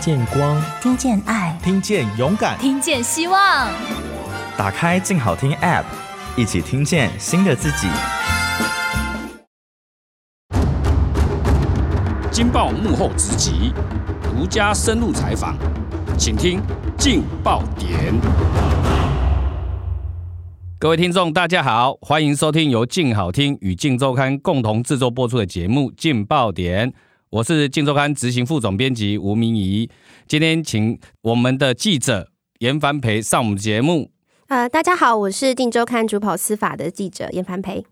聽見光，聽見愛，聽見勇敢，聽見希望。打開鏡好聽 App，一起聽見新的自己。鏡爆幕後直擊，獨家深入採訪，請聽鏡爆點。各位聽眾，大家好，歡迎收聽由鏡好聽與鏡週刊共同制作播出的節目《鏡爆點》。我是《鏡週刊》執行副總編輯吳明儀，今天請我們的記者嚴凡培上我們節目。呃，大家好，我是《鏡週刊》主跑司法的記者嚴凡培。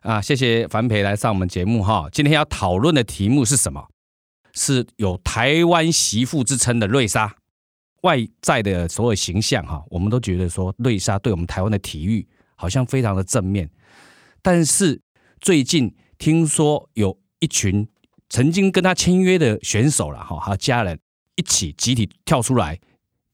啊，謝謝凡培來上我們節目哈。今天要討論的題目是什麼？是有“台灣媳婦”之稱的瑞莎，外在的所有形象哈，我們都覺得說瑞莎對我們台灣的體育好像非常的正面。但是最近聽說有一群曾經跟他簽約的選手了哈，和家人一起集體跳出來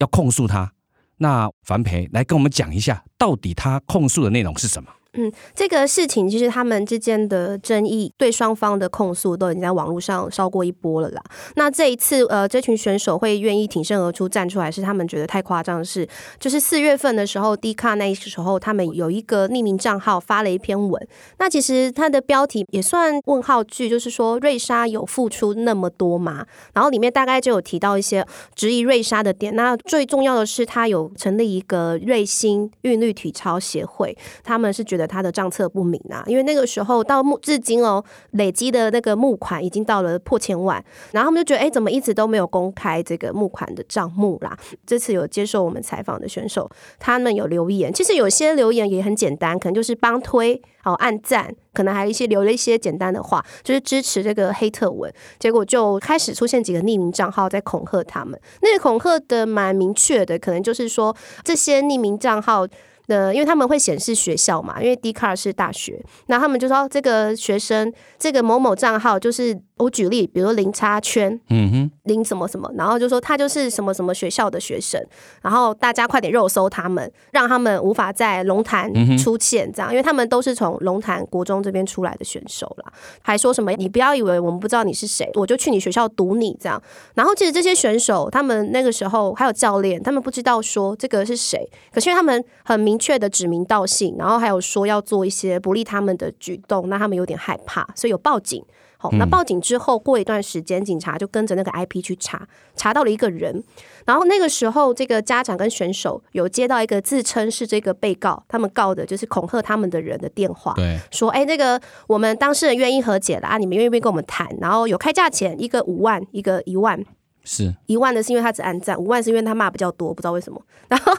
要控訴他。那樊培來跟我們講一下，到底他控訴的內容是什麼？嗯，這個事情就是他們之間的爭議，對雙方的控訴都已經在網絡上燒過一波了啦。那這一次，呃，這群選手會願意挺身而出，站出來，是他們覺得太誇張的事，就是四月份的時候，D 卡那時候他們有一個匿名賬號發了一篇文。那其實它的標題也算問號句，就是說瑞莎有付出那麼多嗎？然後裡面大概就有提到一些質疑瑞莎的點。那最重要的是，他有成立一個瑞星韻律體操協會，他們是覺。他的賬冊不明啊，因為那個時候到目至今哦，累積的那個募款已經到了破千萬，然後他們就覺得，哎，怎麼一直都沒有公開這個募款的賬目啦？這次有接受我們採訪的選手，他們有留言，其實有些留言也很簡單，可能就是幫推好、哦、按讚，可能還有一些留了一些簡單的話，就是支持這個黑特文，結果就開始出現幾個匿名賬號在恐嚇他們，那個恐嚇的蠻明確的，可能就是說這些匿名賬號。呃，因為他們會顯示學校嘛，因為 D 卡是大學，那他們就說這個學生這個某某賬號就是我舉例，比如說零差圈，嗯哼，零什麼什麼，然後就說他就是什麼什麼學校的學生，然後大家快點肉搜他們，讓他們無法在龍潭出現這樣，因為他們都是從龍潭國中這邊出來的選手啦。還說什麼你不要以為我們不知道你是誰，我就去你學校堵你這樣，然後其實這些選手他們那個時候還有教練，他們不知道說這個是誰，可是因為他們很明。確的指名道姓，然後還有說要做一些不利他們的舉動，那他們有點害怕，所以有報警。好、哦，那報警之後過一段時間，警察就跟着那個 IP 去查，查到了一個人。然後那個時候，這個家長跟選手有接到一個自稱是這個被告，他們告的就是恐嚇他們的人的電話，說：“哎，那個我們當事人願意和解了啊，你們願不願意跟我們談？然後有開價錢，一個五萬，一個一萬。”是。一萬的是因為他只按讚，五萬是因為他罵比較多，不知道為什麼。然後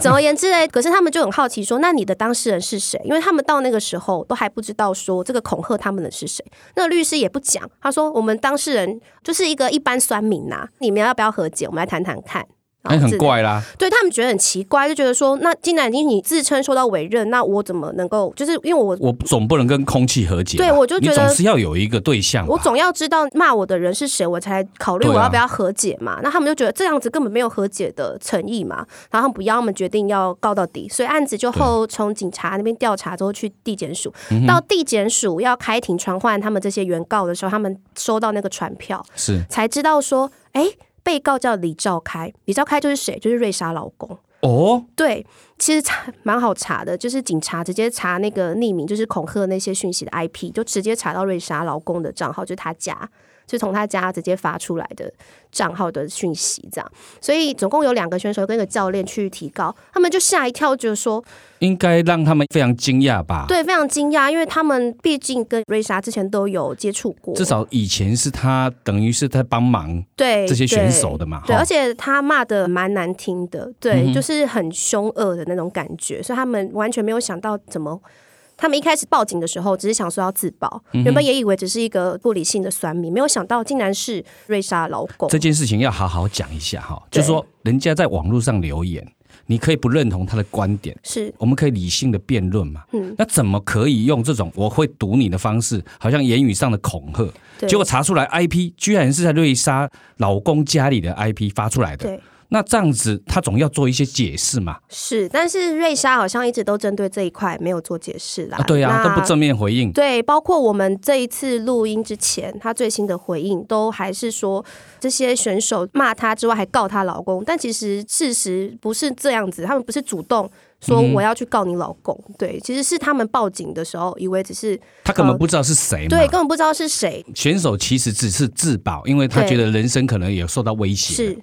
總而言之呢？ 可是他們就很好奇說，那你的當事人是誰？因為他們到那個時候都還不知道說這個恐嚇他們的是誰。那個、律師也不講，他說我們當事人就是一個一般酸民吶、啊，你們要不要和解？我們來談談看。欸、很怪啦，對，他們覺得很奇怪，就覺得說，那既然你你自稱受到委任，那我怎麼能夠？就是因為我我總不能跟空氣和解，對，我就覺得你總是要有一個對象，我總要知道罵我的人是誰，我才考慮我要不要和解嘛。啊、那他們就覺得這樣子根本沒有和解的誠意嘛，然後他們不要，我們決定要告到底，所以案子就後從警察那邊調查之後去地檢署，嗯、到地檢署要開庭傳喚他們這些原告的時候，他們收到那個傳票，是才知道說，哎。被告叫李兆開，李兆開就是誰？就是瑞莎老公哦。Oh? 對，其實查蠻好查的，就是警察直接查那個匿名，就是恐嚇那些訊息的 IP，就直接查到瑞莎老公的賬號，就是、他家。就從他家直接發出來的賬號的訊息，這樣，所以總共有兩個選手跟一個教練去提告，他們就嚇一跳就，就說應該讓他們非常驚訝吧？對，非常驚訝，因為他們畢竟跟瑞莎之前都有接觸過，至少以前是他等於是在幫忙對這些選手的嘛，對，對而且他罵得蠻難聽的，哦，對，就是很兇惡的那種感覺，嗯，所以他們完全沒有想到怎麼。他們一開始報警的時候，只是想說要自保。嗯。原本也以為只是一個不理性的酸民，沒有想到竟然是瑞莎老公。這件事情要好好講一下哈，就是說人家在網絡上留言，你可以不認同他的觀點，是，我們可以理性的辯論嘛。嗯，那怎麼可以用這種我會讀你的方式，好像言語上的恐嚇？結果查出來 I P 居然是在瑞莎老公家裡的 I P 發出來的。對。那這樣子，他總要做一些解釋嘛？是，但是瑞莎好像一直都針對這一塊沒有做解釋啦。啊對啊，都不正面回應。對，包括我們這一次錄音之前，他最新的回應都還是說這些選手罵他之外，還告他老公。但其實事實不是這樣子，他們不是主動說我要去告你老公。嗯。對，其實是他們報警的時候，以為只是他根本不知道是誰。呃。對，根本不知道是誰。選手其實只是自保，因為他覺得人生可能也受到威脅。是。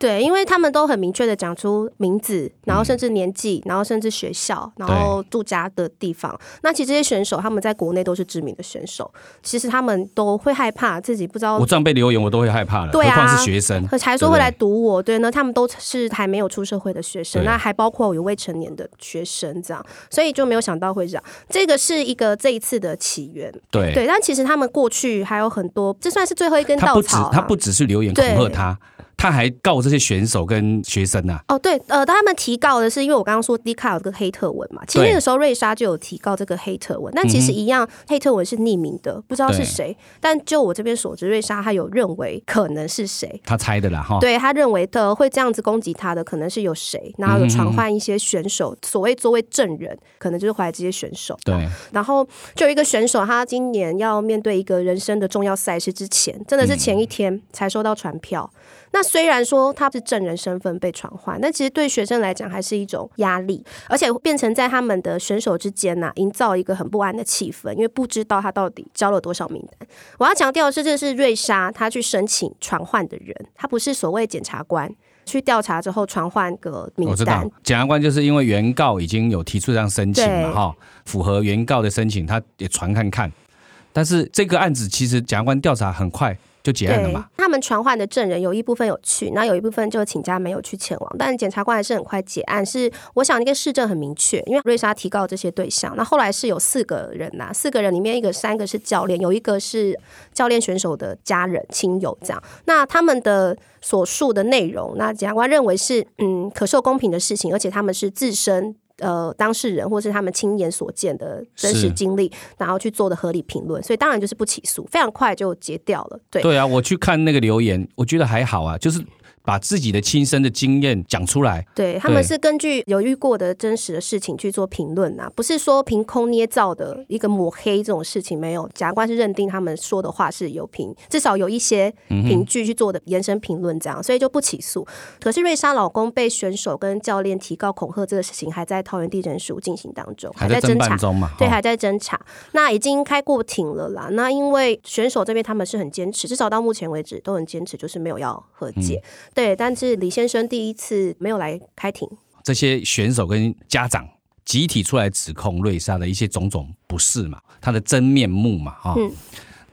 對，因為他們都很明確的講出名字，然後甚至年紀，然後甚至學校，然後住家的地方。那其實這些選手他們在國內都是知名的選手，其實他們都會害怕自己不知道我這樣被留言，我都會害怕了。對呀、啊，何況是學生，還說會來堵我。對，那他們都是還沒有出社會的學生，那還包括我有未成年的學生這樣，所以就沒有想到會這樣。這個是一個這一次的起源，對，對，但其實他們過去還有很多，這算是最後一根稻草、啊。他不他不只是留言恐嚇他。他還告這些選手跟學生吶、啊。哦，對，呃，他們提告的是，因為我剛剛說 D 卡有這個黑特文嘛，其實那個時候瑞莎就有提告這個黑特文，但其實一樣，嗯、黑特文是匿名的，不知道是誰。但就我這邊所知，瑞莎她有認為可能是誰，他猜的啦哈、哦。對，他認為的會這樣子攻擊他的可能是有誰，然後有傳喚一些選手，嗯、所謂作為證人，可能就是懷疑這些選手。對，然後就有一個選手，他今年要面對一個人生的重要賽事之前，真的是前一天才收到傳票。嗯那雖然說他是證人身份被傳喚，那其實對學生來講還是一種壓力，而且變成在他們的選手之間呢、啊，營造一個很不安的氣氛，因為不知道他到底交了多少名單。我要強調的是，這是瑞莎他去申請傳喚的人，他不是所謂檢察官去調查之後傳喚個名單。我知道檢察官就是因為原告已經有提出這樣申請了。哈、哦，符合原告的申請，他也傳看看。但是這個案子其實檢察官調查很快。就結案了。他們傳喚的證人有一部分有去，那有一部分就請假沒有去前往。但檢察官還是很快結案，是我想那個事證很明確，因為瑞莎提告這些對象。那後來是有四個人吶、啊，四個人裡面一個三個是教練，有一個是教練選手的家人親友這樣。那他們的所述的內容，那檢察官認為是嗯可受公平的事情，而且他們是自身。呃，當事人或是他們親眼所見的真實經歷，然後去做的合理評論，所以當然就是不起訴，非常快就結掉了。對，對啊，我去看那個留言，我覺得還好啊，就是。把自己的親身的經驗講出來，對他們是根據有遇過的真實的事情去做評論吶、啊，不是說憑空捏造的一個抹黑，這種事情沒有。檢察官是認定他們說的話是有憑，至少有一些憑據去做的延伸評論這樣，嗯、所以就不起訴。可是瑞莎老公被選手跟教練提告恐嚇這個事情還在桃園地檢署進行當中，還在偵查嘛，偵、哦？對，還在偵查。那已經開過庭了啦。那因為選手這邊他們是很堅持，至少到目前為止都很堅持，就是沒有要和解。嗯對，但是李先生第一次沒有來開庭。這些選手跟家長集體出來指控瑞莎的一些種種不是嘛？他的真面目嘛？哈、哦嗯，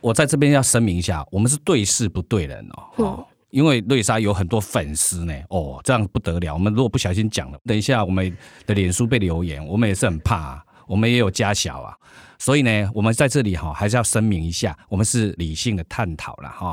我在這邊要聲明一下，我們是對事不對人哦、嗯、哦。因為瑞莎有很多粉絲呢，哦，這樣不得了。我們如果不小心講了，等一下我們的臉書被留言，我們也是很怕、啊。我們也有家小啊，所以呢，我們在這裡哈、哦、還是要聲明一下，我們是理性的探討了哈、哦。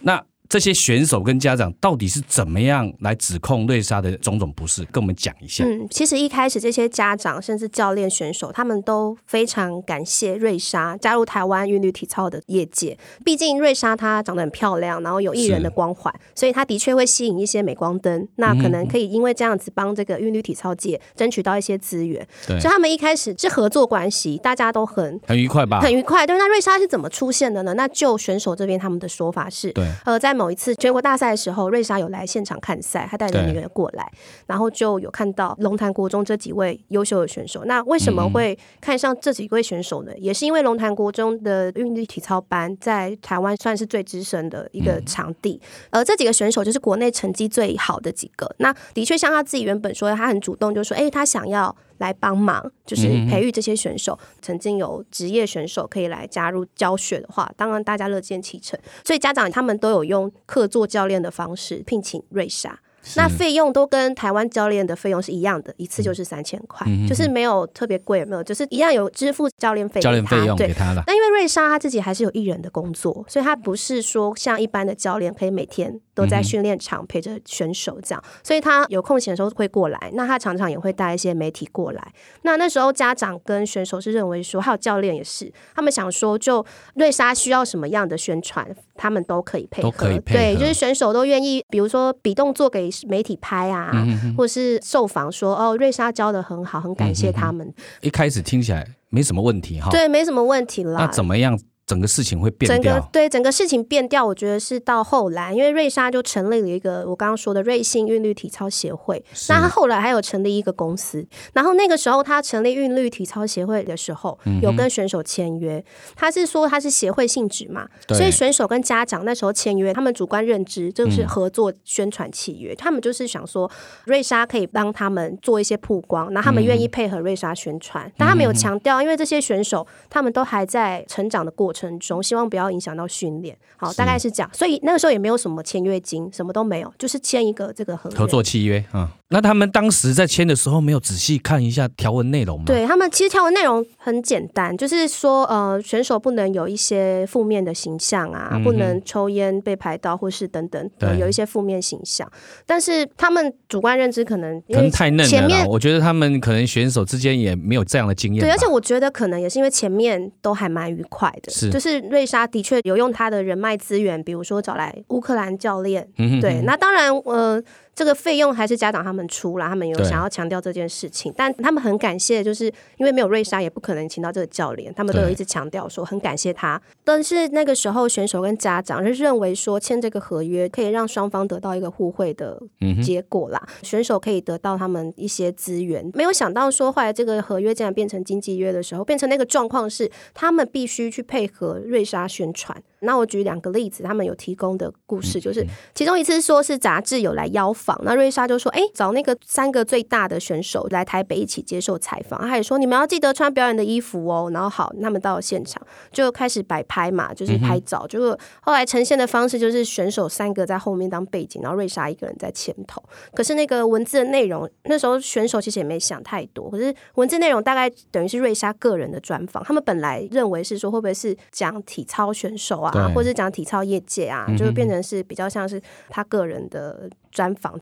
那。這些選手跟家長到底是怎麼樣來指控瑞莎的種種不是？跟我們講一下。嗯，其實一開始這些家長甚至教練、選手，他們都非常感謝瑞莎加入台灣韻律體操的業界。畢竟瑞莎她長得很漂亮，然後有藝人的光環，所以她的確會吸引一些鎂光燈。那可能可以因為這樣子幫這個韻律體操界爭取到一些資源對。所以他們一開始是合作關係，大家都很很愉快吧？很愉快。對，那瑞莎是怎麼出現的呢？那就選手這邊他們的說法是對，呃，在。某一次全國大賽的時候，瑞莎有來現場看賽，她帶着女兒過來，然後就有看到龍潭國中這幾位優秀的選手。那為什麼會看上這幾位選手呢？嗯、也是因為龍潭國中的韻律體操班在台灣算是最資深的一個場地、嗯，而這幾個選手就是國內成績最好的幾個。那的確像他自己原本說的，他很主動，就說：“哎，他想要。”來幫忙，就是培育這些選手、嗯。曾經有職業選手可以來加入教學的話，當然大家樂見其成。所以家長他們都有用客座教練的方式聘請瑞莎，那費用都跟台灣教練的費用是一樣的，一次就是三千塊，嗯、就是沒有特別貴，有沒有？就是一樣有支付教練費給他，教練費用給他，對，給他了。那因為瑞莎她自己還是有藝人的工作，所以她不是說像一般的教練可以每天。都在訓練場陪着選手，這樣，所以他有空閒的時候會過來。那他常常也會帶一些媒體過來。那那時候家長跟選手是認為說，還有教練也是，他們想說，就瑞莎需要什麼樣的宣傳，他們都可以配合，都可以配合。對，就是選手都願意，比如說比動作給媒體拍啊，嗯、或是受訪說哦，瑞莎教得很好，很感謝他們、嗯。一開始聽起來沒什麼問題哈，對，沒什麼問題啦。那怎麼樣？整個事情會變掉整個，對，整個事情變掉。我覺得是到後來，因為瑞莎就成立了一個我剛剛說的瑞幸韻律體操協會。那他後來還有成立一個公司。然後那個時候他成立韻律體操協會的時候、嗯，有跟選手簽約。他是說他是協會性質嘛，所以選手跟家長那時候簽約，他們主觀認知就是合作宣傳契約、嗯。他們就是想說瑞莎可以幫他們做一些曝光，嗯、然後他們願意配合瑞莎宣傳、嗯。但他沒有強調，因為這些選手他們都還在成長的過程。希望不要影響到訓練，好，大概是這樣。所以那個時候也沒有什麼簽約金，什麼都沒有，就是簽一個這個合作契約，嗯。那他們當時在簽的時候，沒有仔細看一下條文內容嗎？對他們，其實條文內容很簡單，就是說，呃，選手不能有一些負面的形象啊，嗯、不能抽煙被拍到或是等等對、呃，有一些負面形象。但是他們主觀認知可能因為可能太嫩了，前面我覺得他們可能選手之間也沒有這樣的經驗。對，而且我覺得可能也是因為前面都還蠻愉快的，是就是瑞莎的確有用她的人脈資源，比如說找來烏克蘭教練。嗯哼哼，對，那當然，呃。這個費用還是家長他們出啦，他們有想要強調這件事情，但他們很感謝，就是因為沒有瑞莎，也不可能請到這個教練。他們都有一直強調說很感謝他。但是那個時候，選手跟家長就是認為說簽這個合約可以讓雙方得到一個互惠的結果啦，嗯，選手可以得到他們一些資源。沒有想到說後來這個合約竟然變成經紀約的時候，變成那個狀況是他們必須去配合瑞莎宣傳。那我舉兩個例子，他們有提供的故事，就是，嗯、其中一次說是雜誌有來邀。那瑞莎就說：“哎、欸，找那個三個最大的選手來台北一起接受採訪。”他也說：“你們要記得穿表演的衣服哦。”然後好，那麼到了現場就開始擺拍嘛，就是拍照。結果、嗯哼、後來呈現的方式就是選手三個在後面當背景，然後瑞莎一個人在前頭。可是那個文字的內容，那時候選手其實也沒想太多。可是文字內容大概等於是瑞莎個人的專訪。他們本來認為是說會不會是講體操選手啊，或者講體操業界啊，嗯哼、就是變成是比較像是他個人的。專訪，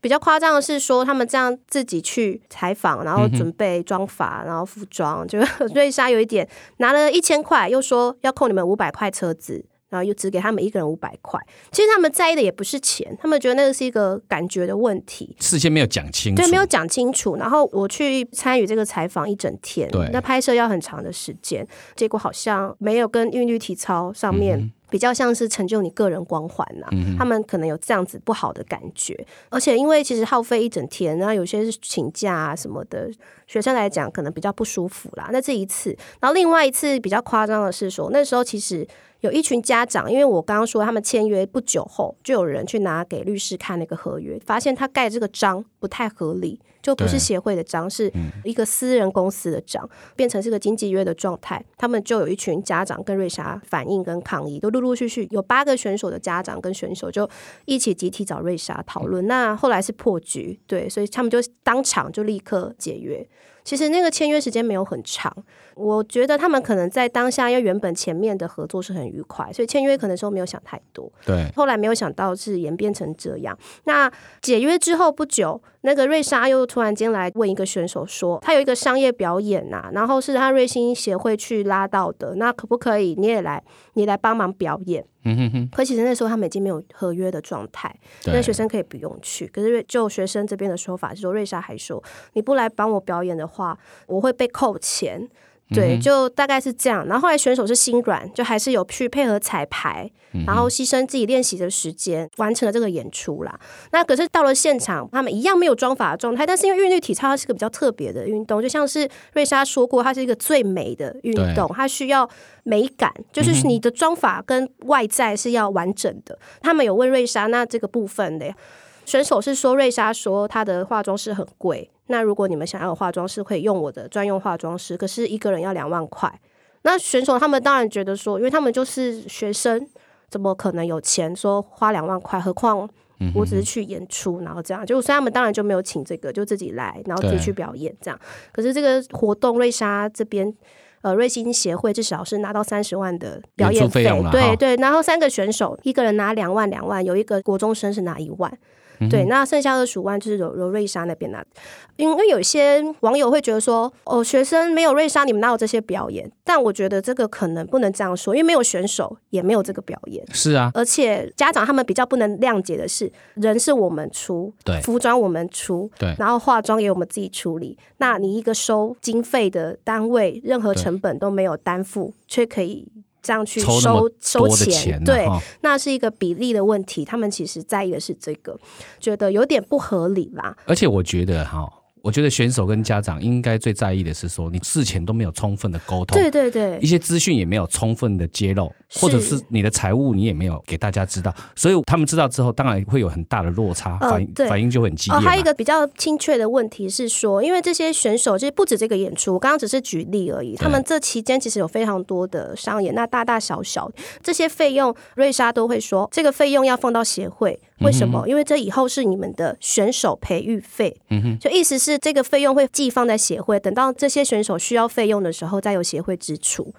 比較誇張的是說，他們這樣自己去採訪，然後準備妝髮，然後服裝、嗯，就瑞莎有一點拿了一千塊，又說要扣你們五百塊車子。然後又只給他們一個人五百塊，其實他們在意的也不是錢，他們覺得那個是一個感覺的問題。事先沒有講清楚，對，沒有講清楚。然後我去參與這個採訪一整天，對，那拍攝要很長的時間，結果好像沒有跟韻律體操上面、嗯、比較像是成就你個人光環吶、嗯。他們可能有這樣子不好的感覺，而且因為其實耗費一整天，然後有些是請假啊什麼的，學生來講可能比較不舒服啦。那這一次，然後另外一次比較誇張的是說，那時候其實。有一群家長，因為我剛剛說他們簽約不久後，就有人去拿給律師看那個合約，發現他蓋這個章不太合理，就不是協會的章，是一個私人公司的章，變成是個經紀約的狀態。他們就有一群家長跟瑞莎反應跟抗議，都陸陸續續有八個選手的家長跟選手就一起集體找瑞莎討論。那後來是破局，對，所以他們就當場就立刻解約。其實那個簽約時間沒有很長，我覺得他們可能在當下，因為原本前面的合作是很愉快，所以簽約可能時候沒有想太多。對，後來沒有想到是演變成這樣。那解約之後不久，那個瑞莎又突然間來問一個選手說，他有一個商業表演吶、啊，然後是他瑞星協會去拉到的，那可不可以你也來，你來幫忙表演？嗯哼哼，可其實那時候他們已經沒有合約的狀態，那學生可以不用去。可是就學生這邊的說法，是說瑞莎還說，你不來幫我表演的話，我會被扣錢。對，就大概是這樣。然後後來選手是心軟，就還是有去配合彩排，然後犧牲自己練習的時間，完成了這個演出啦。那可是到了現場，他們一樣沒有妝髮的狀態。但是因為韻律體操它是個比較特別的運動，就像是瑞莎說過，它是一個最美的運動，它需要美感，就是你的妝髮跟外在是要完整的。他們有問瑞莎，那這個部分的。選手是說瑞莎說她的化妝師很貴，那如果你們想要化妝師可以用我的專用化妝師，可是一個人要兩萬塊。那選手他們當然覺得說，因為他們就是學生，怎麼可能有錢說花兩萬塊？何況我只是去演出、嗯，然後這樣，就所以他們當然就沒有請這個，就自己來，然後自己去表演這樣。可是這個活動，瑞莎這邊呃瑞星協會至少是拿到三十萬的表演費對、哦、對，然後三個選手一個人拿兩萬兩萬，有一個國中生是拿一萬。嗯、對，那剩下二十萬就是柔柔瑞莎那邊的。啊，因為有一些網友會覺得說，哦，學生沒有瑞莎，你們哪有這些表演？但我覺得這個可能不能這樣說，因為沒有選手，也沒有這個表演。是啊，而且家長他們比較不能諒解的是，人是我們出，對，服裝我們出，對，然後化妝也我們自己處理。那你一個收經費的單位，任何成本都沒有擔負，卻可以。這樣去收錢、收錢、哦，對，那是一個比例的問題。他們其實在意的是這個，覺得有點不合理啦。而且我覺得哈。哦我覺得選手跟家長應該最在意的是說，你事前都沒有充分的溝通，對對對，一些資訊也沒有充分的揭露，或者是你的財務你也沒有給大家知道，所以他們知道之後，當然會有很大的落差，反應，呃，反應就很激烈，呃。還有一個比較精確的問題是說，因為這些選手就是不止這個演出，我剛剛只是舉例而已，他們這期間其實有非常多的商演，那大大小小這些費用，瑞莎都會說這個費用要放到協會。為什麼？因為這以後是你們的選手培育費，就意思是這個費用會寄放在協會，等到這些選手需要費用的時候再由協會支出。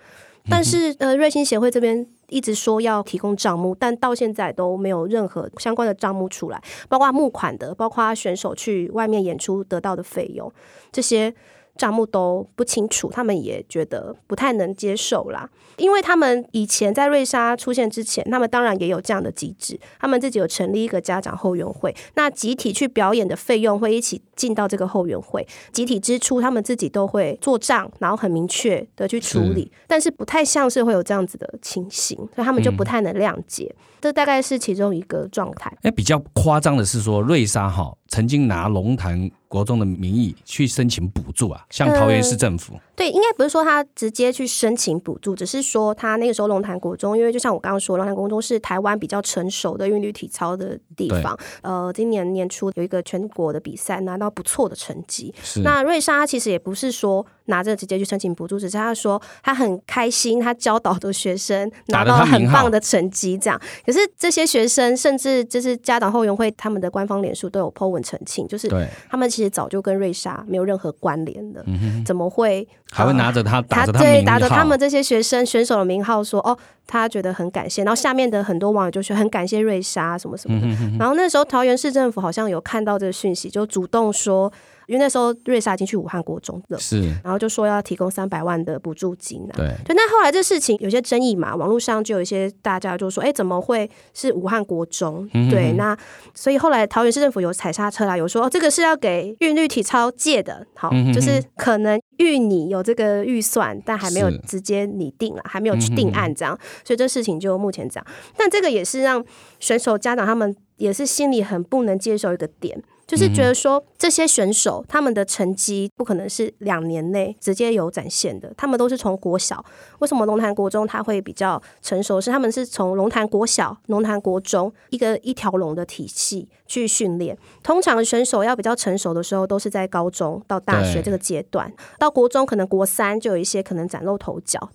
但是呃，瑞星協會這邊一直說要提供賬目，但到現在都沒有任何相關的賬目出來，包括募款的，包括選手去外面演出得到的費用這些。賬目都不清楚，他們也覺得不太能接受啦。因為他們以前在瑞莎出現之前，他們當然也有這樣的機制，他們自己有成立一個家長後援會，那集體去表演的費用會一起進到這個後援會，集體支出他們自己都會做賬，然後很明確的去處理，但是不太像是會有這樣子的情形，所以他們就不太能諒解。嗯、這大概是其中一個狀態。哎，比較誇張的是說瑞莎哈。曾經拿龍潭國中的名義去申請補助啊，向桃園市政府。對，應該不是說他直接去申請補助，只是說他那個時候龍潭國中，因為就像我剛剛說，龍潭國中是台灣比較成熟的韻律體操的地方。呃，今年年初有一個全國的比賽，拿到不錯的成績。那瑞莎其實也不是說拿着直接去申請補助，只是他說他很開心，他教導的學生拿到了很棒的成績。這樣，可是這些學生甚至就是家長後援會他們的官方臉書都有 po 文澄清，就是他們其實早就跟瑞莎沒有任何關聯的，怎麼會？還會拿着他打着他、啊、他，他們這些學生選手的名號說哦，他覺得很感謝。然後下面的很多網友就是很感謝瑞莎什麼什麼的嗯哼嗯哼。然後那時候桃園市政府好像有看到這個訊息，就主動說，因為那時候瑞莎已經去武漢國中了，是。然後就說要提供三百萬的補助金啊。對。就那後來這事情有些爭議嘛，網絡上就有一些大家就說，哎、欸，怎麼會是武漢國中嗯哼嗯哼？對。那所以後來桃園市政府有踩剎車啦，有說哦，這個是要給韻律體操界的，好，嗯哼嗯哼就是可能。預你有這個預算，但還沒有直接擬定了，還沒有去定案這樣，嗯，所以這事情就目前這樣。但這個也是讓選手家長他們也是心裡很不能接受一個點，就是覺得說這些選手他們的成績不可能是兩年內直接有展現的，他們都是從國小。為什麼龍潭國中他會比較成熟？是他們是從龍潭國小、龍潭國中一個一條龍的體系去訓練，通常選手要比較成熟的時候，都是在高中到大學這個階段。到國中可能國三就有一些可能嶄露頭角。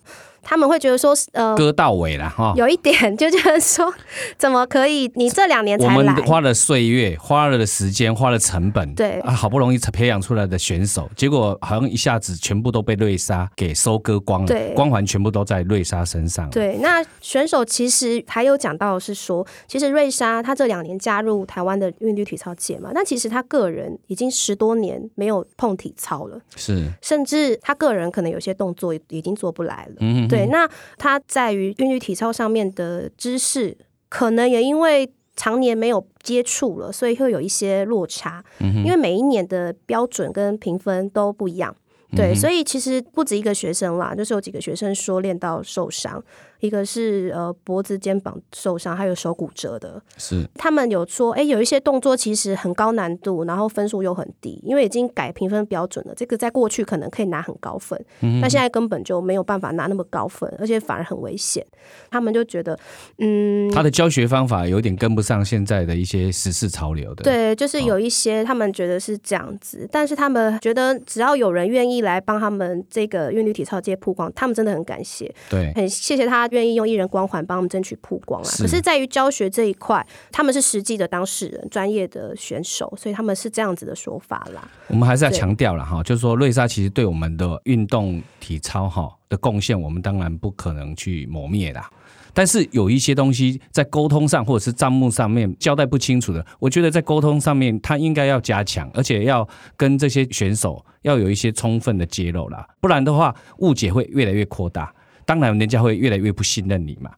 他們會覺得說，呃，割稻尾了哈、哦，有一點就覺得說，怎麼可以？你這兩年才來我們花了歲月，花了的時間，花了成本，對，啊、好不容易培養出來的選手，結果好像一下子全部都被瑞莎給收割光了，對，光環全部都在瑞莎身上。對，那選手其實還有講到是說，其實瑞莎她這兩年加入台灣的。韻律體操界嘛，那其實他個人已經十多年沒有碰體操了，是，甚至他個人可能有些動作已經做不來了。嗯，對。那他在於韻律體操上面的知識，可能也因為常年沒有接觸了，所以會有一些落差。嗯，因為每一年的標準跟評分都不一樣，嗯。對，所以其實不止一個學生啦，就是有幾個學生說練到受傷。一個是呃脖子肩膀受傷，還有手骨折的。是他們有說，哎、欸，有一些動作其實很高難度，然後分數又很低，因為已經改評分標準了。這個在過去可能可以拿很高分，嗯，但現在根本就沒有辦法拿那麼高分，而且反而很危險。他們就覺得，嗯，他的教學方法有點跟不上現在的一些時事潮流的。對，就是有一些他們覺得是這樣子，哦、但是他們覺得只要有人願意來幫他們這個韻律體操界曝光，他們真的很感謝，對，很謝謝他。願意用藝人光環幫他們爭取曝光啦、啊。可是，在於教學這一塊，他們是實際的當事人，專業的選手，所以他們是這樣子的說法啦。我們還是要強調了哈，就是說，瑞莎其實對我們的運動體操哈的貢獻，我們當然不可能去磨滅啦。但是有一些東西在溝通上或者是賬目上面交代不清楚的，我覺得在溝通上面他應該要加強，而且要跟這些選手要有一些充分的揭露啦，不然的話，誤解會越來越擴大。當然，人家會越來越不信任你嘛。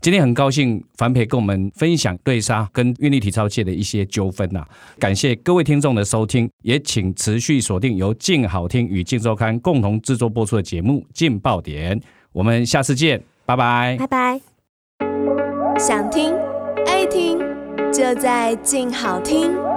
今天很高興，凡培跟我們分享瑞莎跟韻律體操界的一些糾紛啊。感謝各位聽眾的收聽，也請持續鎖定由鏡好聽與鏡週刊共同制作播出的節目《鏡爆點》。我們下次見，拜拜，拜拜。想聽愛聽，就在鏡好聽。